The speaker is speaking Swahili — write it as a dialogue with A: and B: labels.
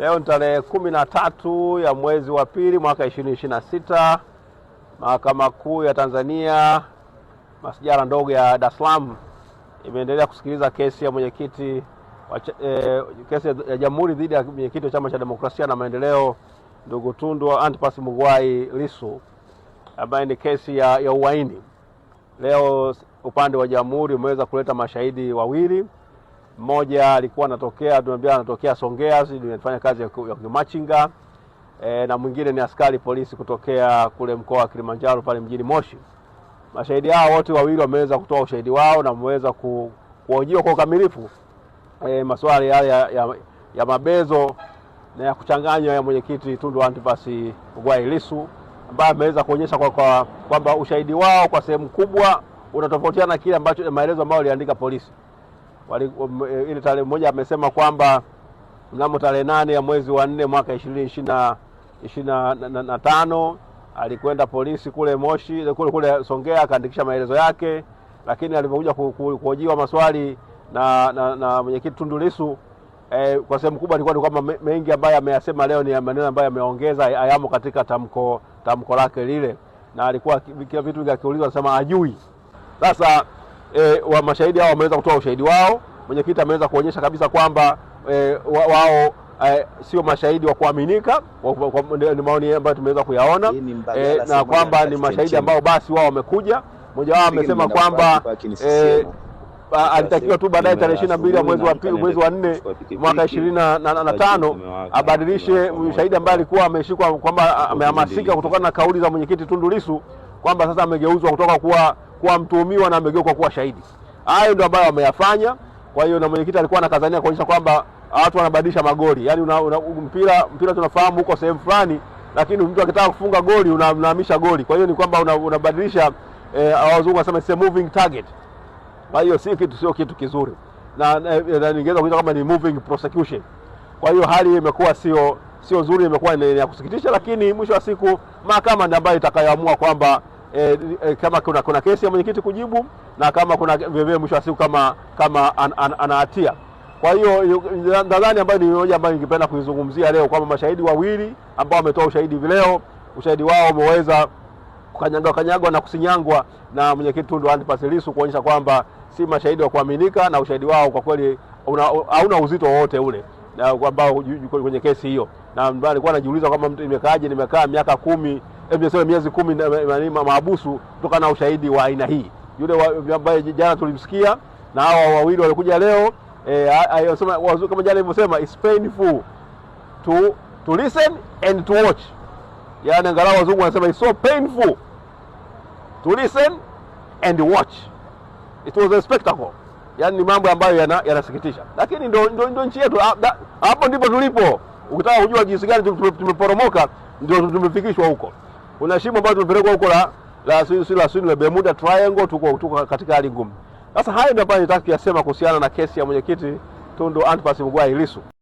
A: Leo ni tarehe kumi na tatu ya mwezi wa pili mwaka ishirini ishirini na sita. Mahakama Kuu ya Tanzania masijara ndogo ya Dar es Salaam imeendelea kusikiliza kesi ya mwenyekiti eh, kesi ya jamhuri dhidi ya mwenyekiti wa Chama cha Demokrasia na Maendeleo ndugu Tundu Antipas Mugwai Lissu ambaye ni kesi ya, ya uhaini. Leo upande wa jamhuri umeweza kuleta mashahidi wawili mmoja alikuwa anatokea tunaambia anatokea Songea, nimefanya kazi ya kumachinga e, na mwingine ni askari polisi kutokea kule mkoa wa Kilimanjaro pale mjini Moshi. Mashahidi hao wote wawili wameweza kutoa ushahidi wao na wameweza ku, kuojiwa kwa ukamilifu e, maswali yale ya, ya, ya mabezo na ya kuchanganywa ya mwenyekiti Tundu Antipas Mugwai Lissu ambaye ameweza kuonyesha kwamba kwa, kwa ushahidi wao kwa sehemu kubwa unatofautiana na kile ambacho maelezo ambayo aliandika polisi. Um, e, ile tarehe moja amesema kwamba mnamo tarehe nane ya mwezi wa nne mwaka ishirini na na tano alikwenda polisi kule Moshi kule, kule Songea akaandikisha maelezo yake, lakini alivyokuja kuhojiwa maswali na, na, na mwenyekiti Tundu Lissu eh, kwa sehemu kubwa ilikuwa ni kwamba mengi ambayo ameyasema leo ni maneno ambayo ameongeza ayamo katika tamko tamko lake lile, na alikuwa kila vitu vingi akiulizwa anasema ajui. Sasa eh, wa mashahidi hao wameweza kutoa ushahidi wao mwenyekiti ameweza kuonyesha kabisa kwamba e, wa, wao e, sio mashahidi wa kuaminika, ni maoni ambayo tumeweza kuyaona e, na kwamba ni mashahidi ambao basi wao wamekuja. Mmoja wao amesema kwamba alitakiwa tu baadaye tarehe ishirini na mbili ya mwezi wa nne mwaka ishirini na tano abadilishe shahidi ambaye alikuwa ameshikwa kwamba amehamasika kutokana na kauli za mwenyekiti Tundu Lissu kwamba sasa amegeuzwa kutoka kuwa kuwa mtuhumiwa na amegeuka kuwa shahidi. Hayo ndio ambayo wameyafanya. Kwa hiyo na mwenyekiti alikuwa anakazania kuonyesha kwamba watu wanabadilisha magoli, yaani una, una, mpira mpira tunafahamu huko sehemu fulani, lakini mtu akitaka kufunga goli unahamisha goli. Kwa hiyo ni kwamba unabadilisha una eh, wazungu wanasema moving target. Kwa hiyo si kitu, sio kitu kizuri na, na, na ningeweza kuita kama ni moving prosecution. Kwa hiyo hali imekuwa sio sio nzuri, imekuwa ni ya kusikitisha, lakini mwisho wa siku mahakama ndiyo ambayo itakayoamua kwamba e, e, kama kuna, kuna kesi ya mwenyekiti kujibu na kama kuna vilevile mwisho wa siku kama kama an, an, anahatia. Kwa hiyo nadhani ambayo ni moja ambayo ningependa kuizungumzia leo kwamba mashahidi wawili ambao wametoa ushahidi vileo, ushahidi wao umeweza kukanyagwa kanyagwa na kusinyangwa na mwenyekiti Tundu Antipas Lissu kuonyesha kwamba si mashahidi wa kuaminika na ushahidi wao kwa kweli hauna uzito wowote ule ambao kwenye kesi hiyo, na alikuwa anajiuliza kwamba imekaaje, nimekaa miaka kumi hebu sema miezi kumi maabusu kutoka na ushahidi wa aina hii, yule ambaye jana tulimsikia na hawa wawili walikuja leo eh, kama jana ilivyosema is painful to to listen and to watch. Yani angalau wazungu wanasema is so painful to listen and watch, it was a spectacle. Yani ni mambo ambayo yanasikitisha, yana lakini ndo, ndo, ndo nchi yetu. Hapo ndipo tulipo. Ukitaka kujua jinsi gani tumeporomoka, ndio tumefikishwa huko kuna shimo ambalo tumepelekwa huko la la si la Sweden la Bermuda Triangle, tuko tuko katika hali ngumu. Sasa hayo ndio ambayo nitaka kuyasema kuhusiana na kesi ya mwenyekiti Tundu Antipas Mugwai Lissu.